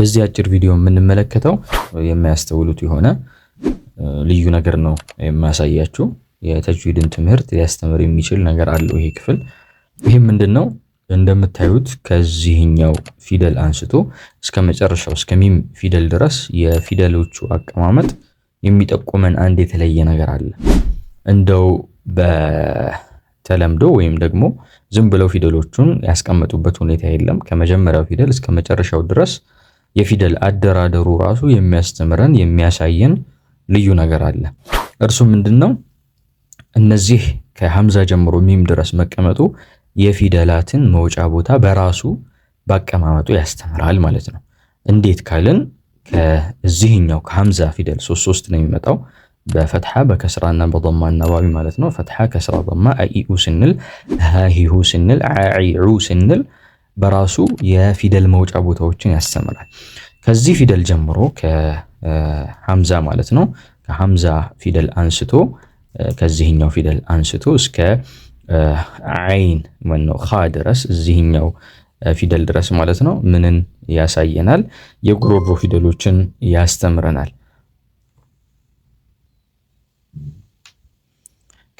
በዚህ አጭር ቪዲዮ የምንመለከተው የማያስተውሉት የሆነ ልዩ ነገር ነው የማያሳያችሁ። የተጅዊድን ትምህርት ሊያስተምር የሚችል ነገር አለው ይሄ ክፍል። ይህም ምንድን ነው? እንደምታዩት ከዚህኛው ፊደል አንስቶ እስከ መጨረሻው እስከ ሚም ፊደል ድረስ የፊደሎቹ አቀማመጥ የሚጠቁመን አንድ የተለየ ነገር አለ። እንደው በተለምዶ ወይም ደግሞ ዝም ብለው ፊደሎቹን ያስቀመጡበት ሁኔታ የለም። ከመጀመሪያው ፊደል እስከ መጨረሻው ድረስ የፊደል አደራደሩ ራሱ የሚያስተምረን የሚያሳየን ልዩ ነገር አለ። እርሱ ምንድን ነው? እነዚህ ከሐምዛ ጀምሮ ሚም ድረስ መቀመጡ የፊደላትን መውጫ ቦታ በራሱ በአቀማመጡ ያስተምራል ማለት ነው። እንዴት ካልን ከዚህኛው ከሐምዛ ፊደል ሶስት ሶስት ነው የሚመጣው በፈትሐ በከስራና በዶማ አናባቢ ማለት ነው። ፈትሓ ከስራ፣ በማ አኢኡ ስንል ሃሂሁ ስንል ዓዒዑ ስንል በራሱ የፊደል መውጫ ቦታዎችን ያስተምራል። ከዚህ ፊደል ጀምሮ ከሐምዛ ማለት ነው ከሐምዛ ፊደል አንስቶ ከዚህኛው ፊደል አንስቶ እስከ ዓይን ነው ኻ ድረስ እዚህኛው ፊደል ድረስ ማለት ነው ምንን ያሳየናል? የጉሮሮ ፊደሎችን ያስተምረናል።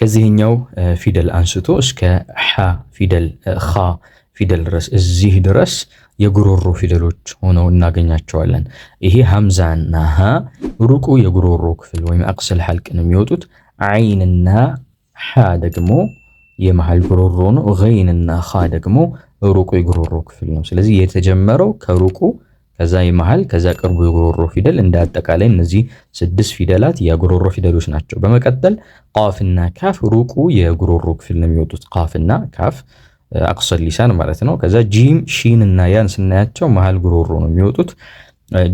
ከዚህኛው ፊደል አንስቶ እስከ ሐ ፊደል ኻ ፊደል ድረስ እዚህ ድረስ የጉሮሮ ፊደሎች ሆነው እናገኛቸዋለን። ይሄ ሀምዛና ሀ ሩቁ የጉሮሮ ክፍል ወይም አቅሰል ነው የሚወጡት ዓይንና ሐ ደግሞ የመሃል ጉሮሮ ነው። ገይንና ኻ ደግሞ ሩቁ የጉሮሮ ክፍል ነው። ስለዚህ የተጀመረው ከሩቁ ከዛ የመሃል ከዛ ቅርቡ የጉሮሮ ፊደል እንደ አጠቃላይ እነዚህ ስድስት ፊደላት የጉሮሮ ፊደሎች ናቸው። በመቀጠል ቃፍና ካፍ ሩቁ የጉሮሮ ክፍል ነው የሚወጡት ቃፍና ካፍ አቅሰል ሊሳን ማለት ነው። ከዛ ጂም ሺን እና ያን ስናያቸው መሃል ጉሮሮ ነው የሚወጡት።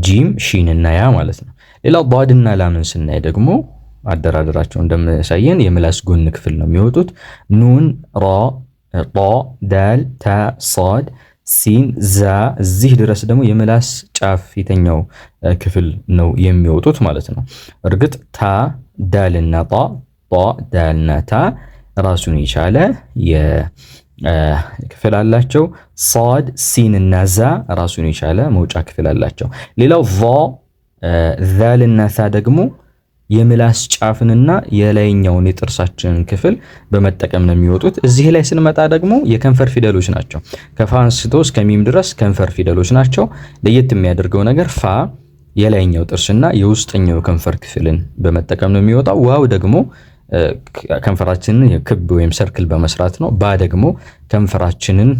ጂም ሺን እና ያ ማለት ነው። ሌላ እና ላምን ስናይ ደግሞ አደራደራቸው እንደምሳየን የምላስ ጎን ክፍል ነው የሚወጡት። ኑን፣ ራ፣ ጣ፣ ዳል፣ ታ፣ ሳድ፣ ሲን፣ ዛ እዚህ ድረስ ደግሞ የምላስ ጫፍ የተኛው ክፍል ነው የሚወጡት ማለት ነው። እርግጥ ታ፣ ዳልና ጣ፣ ጣ፣ እና ታ ራሱን የቻለ ክፍል አላቸው። ሶድ ሲን እና ዛ ራሱን የቻለ መውጫ ክፍል አላቸው። ሌላው እና ሳ ደግሞ የምላስ ጫፍንና የላይኛውን የጥርሳችንን ክፍል በመጠቀም ነው የሚወጡት። እዚህ ላይ ስንመጣ ደግሞ የከንፈር ፊደሎች ናቸው። ከፋ አንስቶ እስከ ሚም ድረስ ከንፈር ፊደሎች ናቸው። ለየት የሚያደርገው ነገር ፋ የላይኛው ጥርስና የውስጠኛው ከንፈር ክፍልን በመጠቀም ነው የሚወጣው። ዋው ደግሞ ከንፈራችንን ክብ ወይም ሰርክል በመስራት ነው። ባ ደግሞ ከንፈራችንን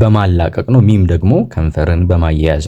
በማላቀቅ ነው። ሚም ደግሞ ከንፈርን በማያያዝ